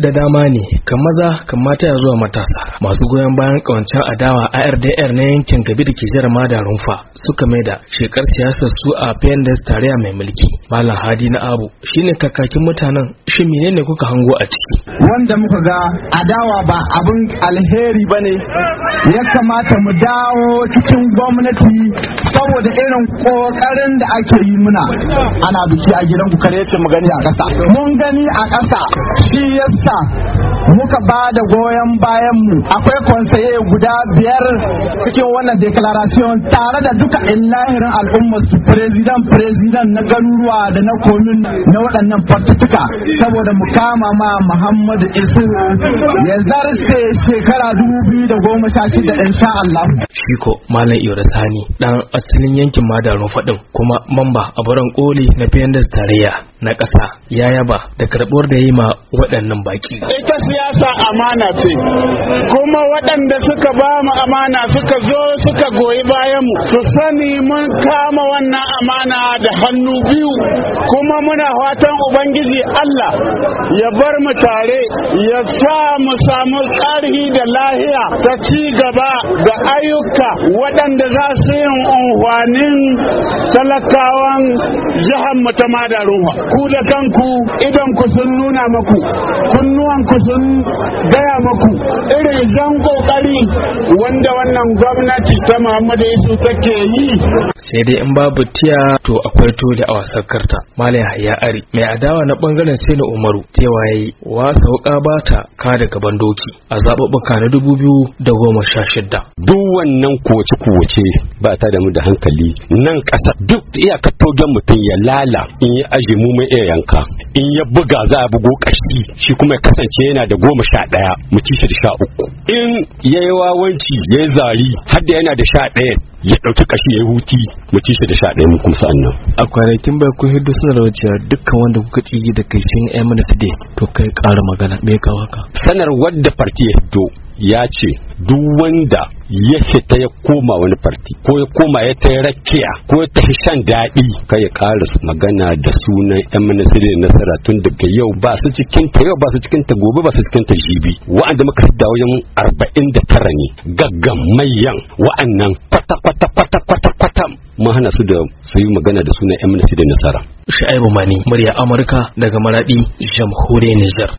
da dama ne kan maza kan mata ya zuwa matasa masu goyon bayan ƙawancen adawa a rdr na yankin gabi da ke jarama da rumfa suka maida shekar siyasar su a pendes tarayya mai mulki Malam Hadi na Abu shine kakakin mutanen shi menene kuka hango a ciki wanda muka ga adawa ba abin alheri bane ya kamata mu dawo cikin gwamnati saboda irin kokarin da ake yi muna ana biki a gidan ku kare ce mu gani a ƙasa mun gani a ƙasa shi yasa muka ba da goyon bayanmu akwai konsaye guda biyar cikin wannan declaration tare da duka illahirin al'ummar su president president na garuruwa da na komin na waɗannan fartutuka saboda mu kama ma muhammadu isu ya zarce shekara dubu biyu da goma sha shida insha Allah. Shiko Malam iyo Sani dan asalin yankin Madarun faɗin kuma mamba a baron koli na PNDS tarayya na ƙasa ya yaba da karɓuwar da ya yi ma waɗannan baƙi. Ita siyasa amana ce, kuma waɗanda suka ba mu amana suka zo suka goyi bayan mu su sani mun kama wannan amana da hannu biyu kuma muna fatan Ubangiji Allah ya bar mu tare ya sa mu samu ƙarhi da lahiya ta ci gaba da ayyuka waɗanda za su yin unhwanin talakawan jihar mu ta Madaruwa. ku da kanku idan ku sun nuna maku kunnuwan ku sun gaya maku irin zan kokari wanda wannan gwamnati ta Muhammadu Isu take yi sai dai in babu tiya to akwai to da wasan karta malam ya ari mai adawa na bangaren sai umaru cewa yayi wa sauka bata ka da gaban doki a zaɓuɓɓuka na dubu da goma sha shidda duk wannan kuwace-kuwace ba ta da mu da hankali nan ƙasa duk iyakar togen mutum ya lala in yi aje mu kuma iya yanka in ya buga za a bugo kashi shi kuma ya kasance yana da goma sha ɗaya mu ci shi da sha uku in ya yi wawanci ya yi zari har da yana da sha ɗaya ya ɗauki kashi ya huti mu ci shi da sha ɗaya mu kuma sa'an nan. a kwanakin bai ku hiddu suna wajen dukkan wanda kuka tsigi da kai shi ya mana su to kai ƙara magana me kawo sanar wadda farti ya hiddo ya ce duk wanda ya fita ya koma wani farti ko ya koma ya ta rakiya ko ya tafi shan daɗi ka ya ƙara magana da sunan yan ministry da nasara tun daga yau ba su cikin ta yau ba su cikin ta gobe ba su cikin ta jibi wa'anda muka da wajen arba'in da tara ne gaggan mayan wa'annan kwata kwata kwata kwata kwata mun hana su da su yi magana da sunan yan ministry da nasara. Sha'ibu Mani, murya Amurka daga Maradi, Jamhuriyar Nijar.